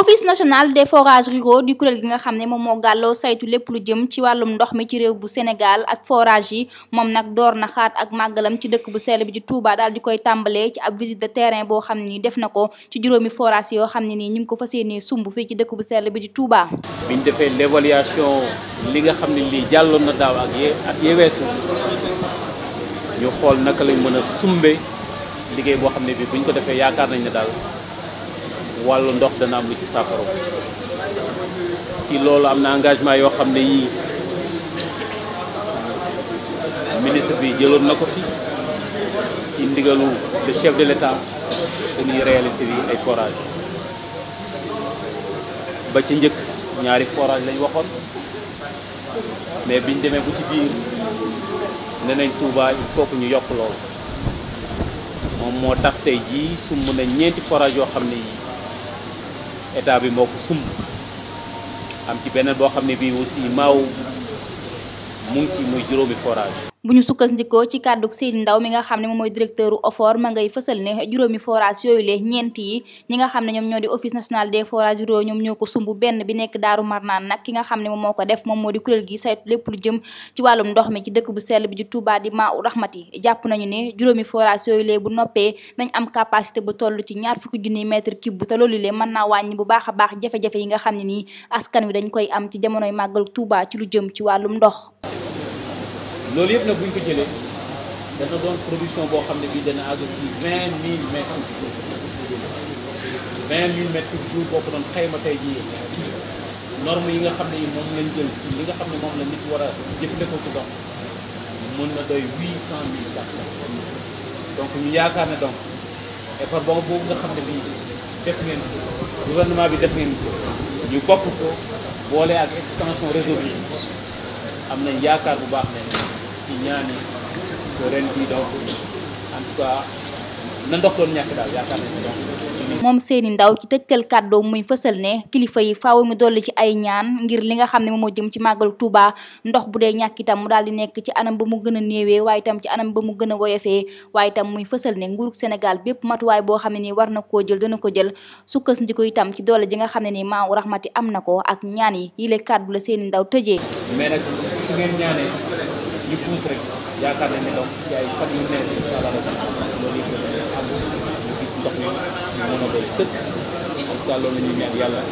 office national des forage ruraux di kuréel gi nga xam ne moom moo gàlloo saytu lépp lu jëm ci wàllum ndox mi ci réew bu Sénégal ak forage yi moom nag door na xaat ak màggalam ci dëkk bu sell bi ci Touba daal di koy tàmbalee ci ab visite de terrain boo xam ne nii def na ko ci juróomi forage yoo xam ne nii ñu ngi ko fas yéenee sumb fii ci dëkk bu sell bi ci Touba. biñ defee l'évaluation li nga xam ne lii jàlloon na daaw ak yee ak yee weesu ñu xool naka lañ mën a sumbe liggéey boo xam ne bii ko defee yaakaar nañ ne daal. wàllu ndox dana am lu ci saafara ci loolu am na engagement yoo xam ne yii ministre bi jëloon na ko fi ci ndigalu le chef de l'État dañuy réaliser yi ay forage ba ci njëkk ñaari forage lañ waxoon mais biñ demee bu ci biir ne nañ Touba il ñu yokk loolu moom moo tax tey jii sumb na ñeenti forage yoo xam ne yii état bi moo ko sumb am ci beneen boo xam ne bii aussi maaw mu ngi ci juróomi forage bu ñu sukkandikoo ci kàdduk Seydi Ndaw mi nga xam ne moom mooy directeur OFOR ma ngay fësal ne juróomi forage yooyu lee yi ñi nga xam ne ñoom ñoo di office national des forages ruraux ñoom ñoo ko sumb benn bi nekk Daaru Marnaan nag ki nga xam ne moom moo ko def moom moo di kuréel gi saytu lépp lu jëm ci wàllum ndox mi ci dëkk bu sell bi di Touba di Maou Rahmati jàpp nañu ne juróomi forage yooyu bu noppee nañ am capacité bu toll ci ñaar fukki ju mètre cube bu te loolu lee mën naa wàññi bu baax a baax jafe-jafe yi nga xam ne nii askan wi dañ koy am ci jamonoy màggal Touba ci lu jëm ci wàllum ndox loolu yëpp nag bu ñu ko jëlee dana doon production boo xam ne bii dana àgg ci vingt mille mètres cubes vingt mille mètres cubes boo ko doon xayma tey jii norme yi nga xam ne yi moom lañ jël ci nga xam ne moom la nit war a jëfandikoo ci ndox mën na doy huit cent mille sacs donc ñu yaakaar ne donc effort boobu boobu nga xam ne bii def ngeen gouvernement bi def ngeen ñu bokk ko boole ak extension réseau bi am nañ yaakaar bu baax ne ci moom seeni ndaw ci tëjtal kàddoo muy fësal ne kilifa yi faaw mu dolli ci ay ñaan ngir li nga xam ne moom moo jëm ci màggal Touba ndox bu dee ñàkk itam mu dal di nekk ci anam ba mu gëna a néewee waaye itam ci anam ba mu gëna a woyofee waaye itam muy fësal ne nguurug Sénégal bépp matuwaay boo xam ne nii war na koo jël dana ko jël sukkandiku itam ci doole ji nga xam ne nii maamu raxmati am na ko ak ñaan yi yile kàddu la seeni ndaw tëjee. mais nag ñaanee ñu puus rek yaakaar nañ ne donc ci ay fan yu nekk incha allah la loolu yëpp am ñu gis ndox mi ñu mën a doy sëkk en tout cas loolu la ñuy ñaan yàlla